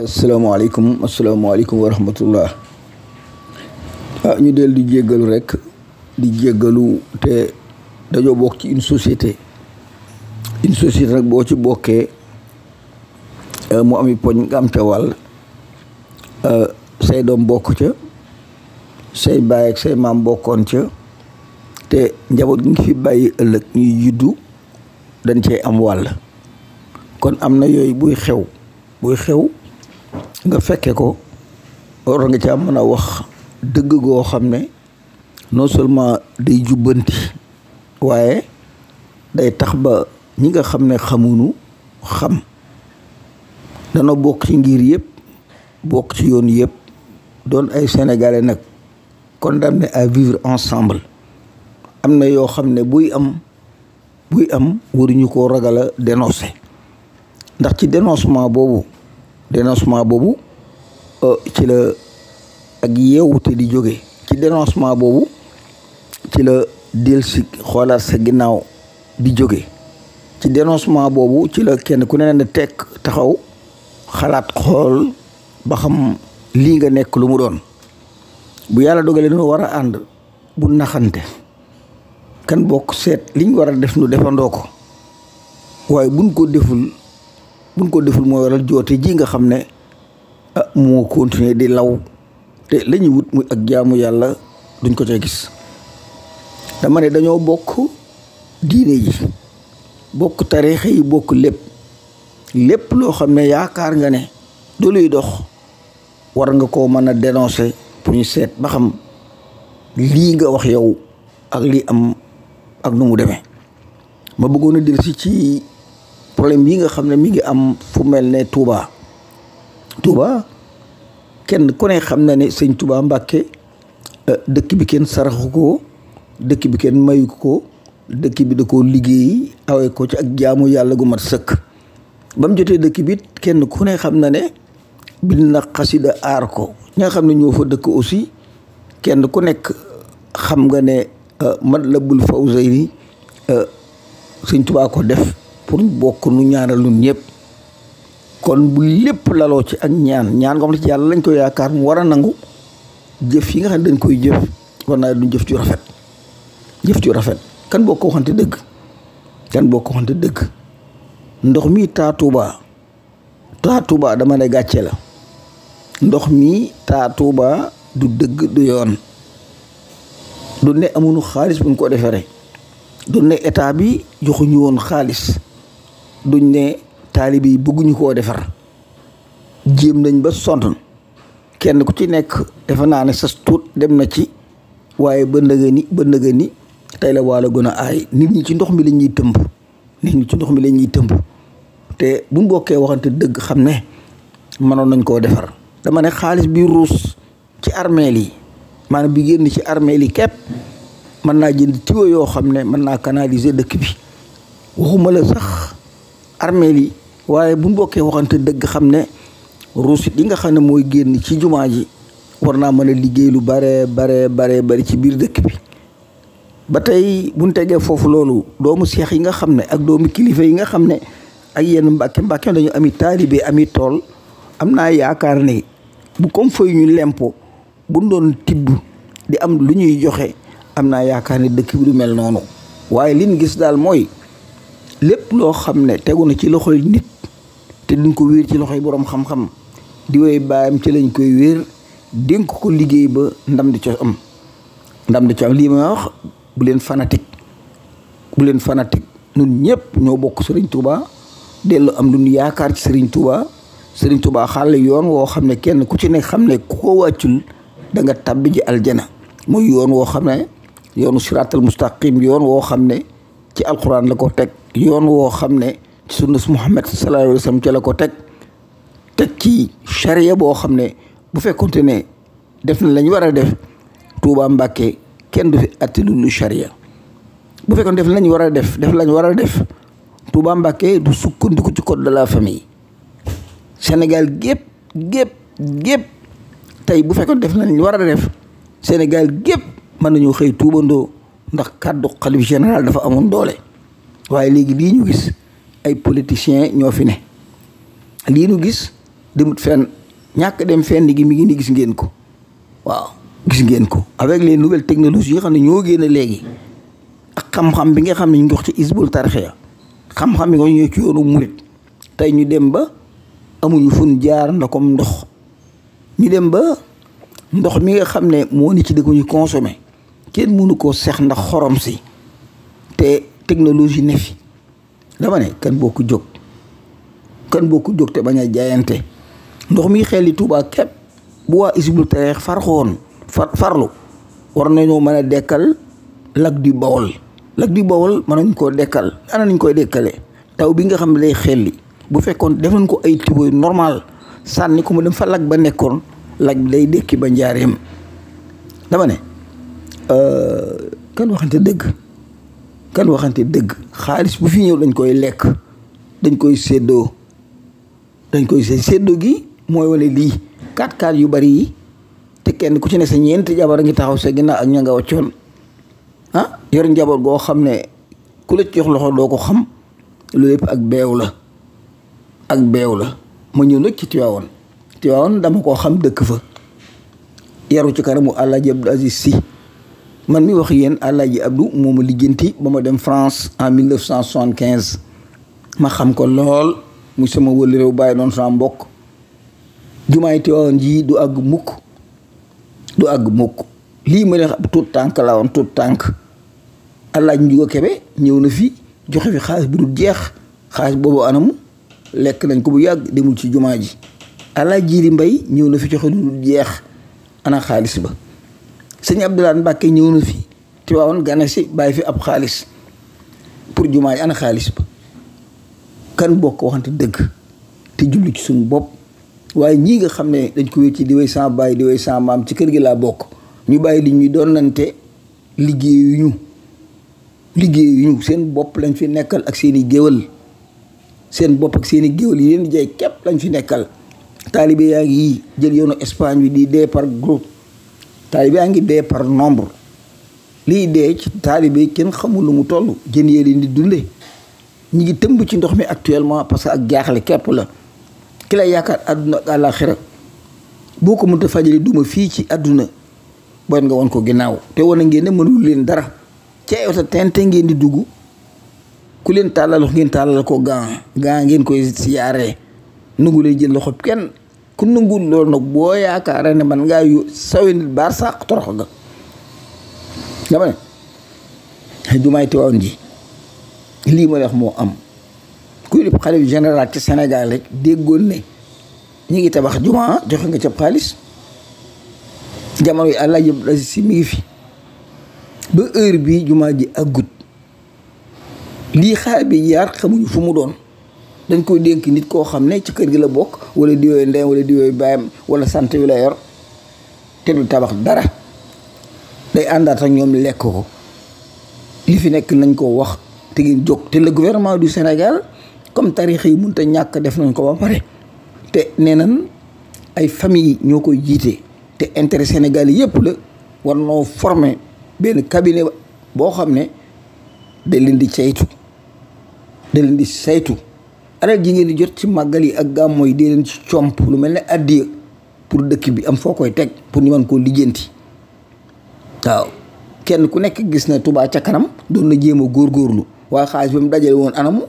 asalaamaaleykum asalaamaaleykum wa rahmatullah ah ñu del di jéggalu rekk di jéggalu te dañoo bokk ci une société une société nag boo ci bokkee ah, mu ami poñ nga am ca wàll ah, say doom bokk ca say baay say maam bokkoon ca te njaboot gi ngi fi bàyyi ëllëg ñuy juddu dañ cay am wàll kon am na yooyu buy xew buy xew nga fekke ko war nga caa mën a wax dëgg goo xam ne non seulement day jubbanti waaye day tax ba ñi nga xam ne xamunu xam dana bokk ci ngir yëpp bokk ci yoon yëpp doon ay sénégalais nag condamné à vivre ensemble am na yoo xam ne buy am buy am waruñu koo ragala a dénoncer ndax ci dénoncement boobu dénoncement boobu euh, ci la ak yeewute di jóge ci dénoncement boobu ci la del xoolaat sa ginnaaw di jóge ci dénoncement boobu ci la kenn ku ne ne tekk taxaw xalaat xool ba xam lii nga nekk lu mu doon bu yàlla dogalee nu war a ànd bu naxante kan bokk seet liñ war a def nu defandoo ko waaye buñ ko deful buñ ko deful mooy waral joote ji nga xam ne mu ah, moo continuer di law te la ñuy wut mu ak jaamu yàlla duñ ko cay gis dama ne dañoo bokk diine ji bokk tariixa yi bokk lépp lépp loo xam ne yaakaar nga ne du dox war nga ko mën a dénoncer pour ñu seet ba xam lii nga wax yow ak lii am ak nu mu demee ma bëggoon a si ci problème yi nga xam ne mi ngi am fu mel ne Touba Touba kenn ku ne xam na ne sëñ Touba Mbàkke euh, dëkk bi kenn saraxu ko dëkk bi kenn mayu ko dëkk bi da koo liggéey awee ko ci ak jaamu yàlla gu mat sëkk ba jotee dëkk bi kenn ku ne xam na ne bind aar ko ñi nga xam ne ñoo fa dëkk aussi kenn ku nekk xam nga ne euh, Matlabul Fawzayni euh, sëñ Touba ko def pour bokk nu ñaanal ñun ñëpp kon bu lépp laloo ci ak ñaan ñaan nga xam ne ci yàlla lañ koy yaakaar mu war a nangu jëf yi nga xam ne dañ koy jëf war naa duñ jëf ci rafet jëf ci rafet kan boo ko waxante dëgg kan bokk ko waxante dëgg ndox mi taa Tuuba taa Tuuba dama ne gàcce la ndox mi taa Tuuba du dëgg du yoon du ne amuñu xaalis buñ ko defere du ne état bi joxuñu woon xaalis duñ ne taalibe yi bëgguñu koo defar jéem nañ ba sonn kenn ku ci nekk defe naa ne sas tuut dem na ci waaye ba ndëgë ni ba ndëgë ni tey la waalo gën a ay nit ñi ci ndox mi la ñuy tëmb nit ñi ci ndox mi la ñuy tëmb te bu bokkee waxante dëgg xam ne mënoon nañ koo defar dama ne xaalis bi ruus ci armeel yi maanaam bi génn ci armeel yi képp mën naa jënd tiwo yoo xam ne mën naa canaliser dëkk bi waxuma la sax armeel yi waaye bu ñu bokkee waxante dëgg xam ne ruusit yi nga xam ne mooy génn ci jumaa ji war naa mën a liggéey lu bare bare bare bari ci biir dëkk bi ba tey bu ñu tegee foofu loolu doomu seex yi nga xam ne ak doomu kilifa yi nga xam ne ak yenn mbakke mbàkke dañu ami taalibe ami tool am naa yaakaar ne bu comme ñu lempo bu doon tibb di am lu ñuy joxe am naa yaakaar ne dëkk bi du mel noonu waaye liñ gis daal mooy lépp loo xam ne tegu na ci loxoy nit te duñ ko wéer ci loxoy boroom xam-xam di baayam ci lañ koy wéer dénk ko liggéey ba ndam di co am ndam di co am lii ma wax bu leen fanatik bu leen fanatique ñun ñëpp ñoo bokk sëriñ Touba dellu am duñ yaakaar ci Serigne Touba sëriñ Touba xàll yoon woo xam ne kenn ku ci ne xam ne ku ko wàccul da nga aljana muy yoon woo xam ne yoonu siraatal mustaqim yoon woo xam ne ci alquran la ko teg yoon woo xam ne ci sunna su Muhammad sallallahu alayhi wa sallam la ko teg ci charia boo xam ne bu fekkonte ne def na war a def Tuubaa Mbàkke kenn du fi atte lu lu charia bu fekkoon def lañ war a def def lañ war a def Tuubaa Mbàkke du sukkandiku ci code de la famille Sénégal gépp gépp gépp tey bu fekkoon def lañ war a def Sénégal gépp mën nañu xëy tuubandoo ndax kàddu xalif général dafa amoon doole waaye léegi lii ñu gis ay politiciens ñoo fi ne lii ñu gis demut fenn ñàkk dem fenn gi mi ngi ni gis ngeen ko waaw gis ngeen ko avec les nouvelles technologies yi xam ne ñoo génn léegi ak xam-xam bi nga xam ne ñu jox ci isbul tarxiya xam-xam bi nga ñoo ci yoonu murit tey ñu dem ba amuñu fun jaar na comme ndox ñu dem ba ndox mi nga xam ne moo ni ci dëkk ñu consommé kenn mënu koo sex ndax xorom si te technologie ne fi dama ne kan boo ko jóg kan boo ko jóg te bañ a jaayante ndox mi xelli Tuuba képp bu waa Hizbut Tarqiyyah farxoon far farlu war nañoo mën a dekkal lac du Baol lac du Baol mën nañ koo dekkal ana nañ koy dekkale taw bi nga xam ne day xelli bu fekkoon def nañ ko ay tubo normal sànni ko mu dem fa lac ba nekkoon lac day dekki ba njaareem dama ne euh, kan waxante dëgg kan waxante dëgg xaalis bu fi ñëw dañ koy lekk dañ koy séddoo dañ koy séddoo gi mooy wane lii quatre quatre yu bari yi te kenn ku ci ne sa ñeenti jabar a ngi taxaw sa ginnaaw ak ña nga waccoon ah, yor njaboot goo xam ne ku la jox loxo doo ko xam loolu yëpp ak beew la ak beew la ma ñëw nag ci Tiwaawoon Tiwaawoon dama koo xam dëkk fa yaru ci kanamu Alaaji Abdu Asiis Si man mi wax yéen Alaaji Abdou moo ma liggéenti ba ma dem France en 1975 ma xam ko lool mu sama wëli bu bàyyi doon sama mbokk jumaay Tiwaawan ji du àgg mukk du àgg mukk lii ma def ab tànk laa woon tuut tànk Alaaji Njuga Kebe ñëw na fi joxe fi xaalis bu dul jeex xaalis boobu anamu lekk nañ ko bu yàgg demul ci jumaa ji Alaaji Jiiri Mbay ñëw na fi joxe du dul jeex ana xaalis ba sëñ Abdoulaye Mbacke ñëw na fi Tiwaawoon gane si bàyyi fi ab xaalis pour jumaa yi ana xaalis ba kan bokk waxante dëgg te jublu ci suñu bopp waaye ñii nga xam ne dañ ko wér ci di way sama bàyyi di maam ci kër gi laa bokk ñu bàyyi li ñuy doonante liggéeyuñu liggéeyuñu seen bopp lañ fi nekkal ak seen i géwal seen bopp ak seen i géwal yi leen di jaay képp lañ fi nekkal taalibe yaa ngi yi jël yoonu Espagne bi di dee par groupe taalibe a ngi dee par nombre liy dee ci taalibe kenn xamul lu mu toll jën yee leen di dunde ñu ngi tëmb ci ndox mi actuellement parce que ak jaaxle kepp la ki la yaakaar àdduna ak àllaaxira boo ko mënta fajali duma fii ci àdduna boyet nga won ko ginnaaw te wane ngeen mënul leen dara ci ngeen di dugg ku leen tàllal ngeen ko gaa gaa ngeen koy siyaaree nangu leen jël loxo kenn ku nanguwul loolu nag boo yaakaaree ne man ngaa yu sawi nit baar sàq torox ga dama ne jumaay Tiwaawan ji lii ma wax moo am kuy def xalif général ci Sénégal rek déggoon ne ñu ngi tabax jumaa joxe nga cab xaalis jamono yi àlla jëb dasi si mi ngi fi ba heure bi jumaa ji àggut lii xaar bi yaar xamuñu fu mu doon dañ koy dénk nit koo xam ne ci kër gi la bokk wala di yooyu ndeyam wala di baayam wala sant wi la yor te du tabax dara day àndaat ak ñoom lekk ko li fi nekk nañ ko wax te ngeen jóg te le gouvernement du Sénégal comme tarix yi mënut ñàkk def nañ ko ba pare te nee nañ ay famille ñoo koy jiitee te intere Sénégal yëpp la war noo former benn cabinet boo xam ne da leen di saytu da di saytu alal ji ngeen di jot ci màggal yi ak gàmmo yi dee leen comp lu mel ne addiya pour dëkk bi am foo koy teg pour ñu mën koo lijjanti waaw kenn ku nekk gis na Touba ca kanam doon na jéem a góorlu waaye xaalis ba mu dajale woon anamu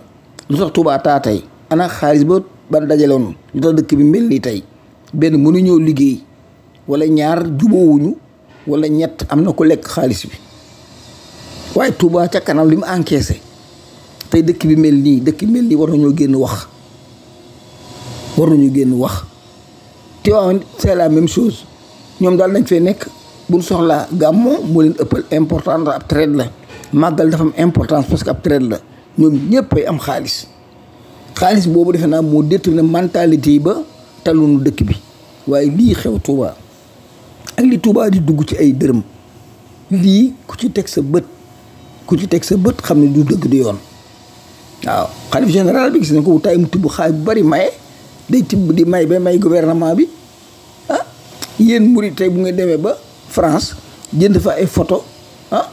lu tax Touba taa tey ana xaalis ba ban dajale lu tax dëkk bi mel nii tey benn mënuñoo liggéey walla ñaar jubóowuñu wala ñett am na ko lekk xaalis bi waaye Touba ca kanam li mu encaissé. tey dëkk bi mel nii dëkk bi mel nii war nañoo génn wax war nañu génn wax Tiwaawan c'est la même chose ñoom daal nañ fee nekk buñ soxlaa gàmmoo moo leen ëppal important ab traite la màggal dafa am importance parce que ab traite la ñoom ñëpp am xaalis xaalis boobu defe naa moo détourné mentalité yi ba talunu dëkk bi waaye lii xew Touba ak li Touba di dugg ci ay dërëm lii ku ci teg sa bët ku ci teg sa bët xam ne du dëgg di yoon waaw xalif général bi gis nañ ko bu tay mu tibb xaay bu bari maye day tibb di may ba may gouvernement bi ah yéen murit bu nga demee ba France jënd fa ay foto ah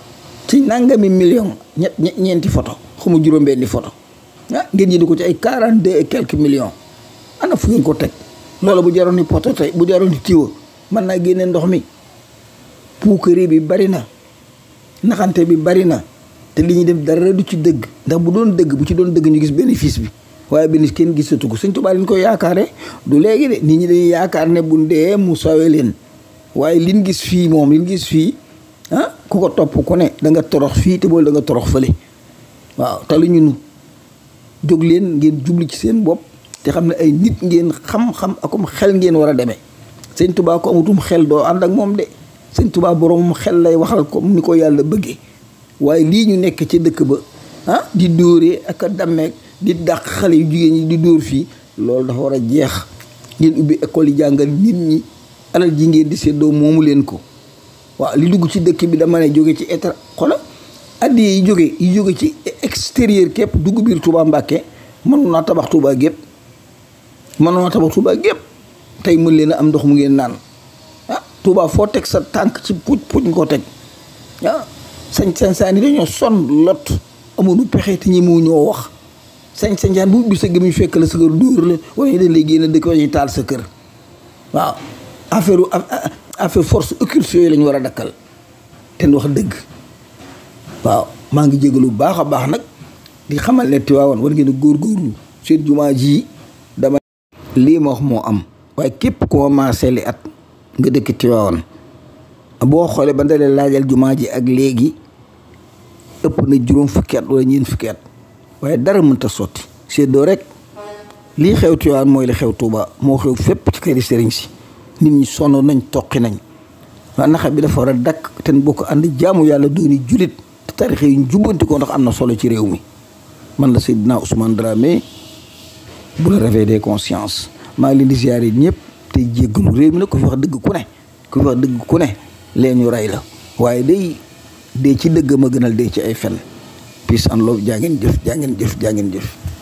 ci nangami million ñett ñeenti photo xamu juróom-benni photo ah ngeen jënd ko ci ay quarante deux et quelques millions ana fu ngeen ko teg loolu bu jaroon ni poto tey bu jaroon ni tiwo mën naa génne ndox mi puukare bi bari na naxante bi bari na te li ñuy def dara du ci dëgg ndax bu doon dëgg bu ci doon dëgg ñu gis bénéfice bi waaye bénéfice kenn gisatu ko Sëñ Tuubaa liñ koy yaakaare du léegi de ñi dañuy yaakaar ne bu dee mu sawe leen waaye liñ gis fii moom liñ gis fii ah ku ko topp ku ne da nga torox fii te boole da nga torox fële waaw te lu ñu nu jóg leen ngeen jublu ci seen bopp te xam ne ay nit ngeen xam-xam akum xel ngeen war a demee Sëñ ko amutum xel doo ànd ak moom de Sëñ Tuubaa boroomum xel lay waxal ko ni ko yàlla bëggee waaye lii ñu nekk ci dëkk ba ah di dóoree ak a dammeek di dàq xale yu jigéen ñi di dóor fii loolu dafa war a jeex ngeen ubbi école yi jàngal nit ñi alal ji ngeen di séddoo moomu leen ko waaw li dugg ci dëkk bi dama ne jóge ci état xola addi yi jóge yi jóge ci extérieur képp dugg biir Touba Mbàkke mënoon naa tabax Touba gépp mënoon naa tabax Touba gépp tey mën leen a am ndox mu ngeen naan ah Touba foo teg sa tànk ci puuj puuj nga ko teg ah, sañ sañ saan yi dañoo sonn lot amoonu pexe te ñi mu ñoo wax sañ sañ saan bu ubbi sa gëmuñ fekk la sa kër dóor la wala dañ lay génn dëkk taal sa kër waaw affaire force occulte yooyu la war a dakkal te wax dëgg waaw maa ngi jégalu lu baax a baax nag di xamal ne Tiwaawan war ngeen góor góorgóorlu seen jumaa ji dama lii ma wax moo am waaye képp ku ma li at nga dëkk Tiwaawan boo xoolee ba dalee laajal jumaa ji ak léegi ëpp na juróom fukki at wala ñeent fukki waaye dara mënta sotti séddoo rek lii xew Tiwaawan mooy li xew Tuuba moo xew fépp ci këri sëriñ si nit ñi sonn nañ toqi nañ waa naxa bi dafa war a dakk ten bokk ko ànd jaamu yàlla dooni julit te tarixe yi jubbanti ndax am na solo ci réew mi man la Seydina Ousmane Dramé bu la réveil des consciences maa ngi leen di ziare ñëpp te jéggalu réew mi nag ku fi wax dëgg ku ne ku fi wax dëgg ne leenu ñu rey la waaye day dee ci dëgg ma gënal dee ci ay fen peace and love jaa ngeen jëf jàngeen ngeen jëf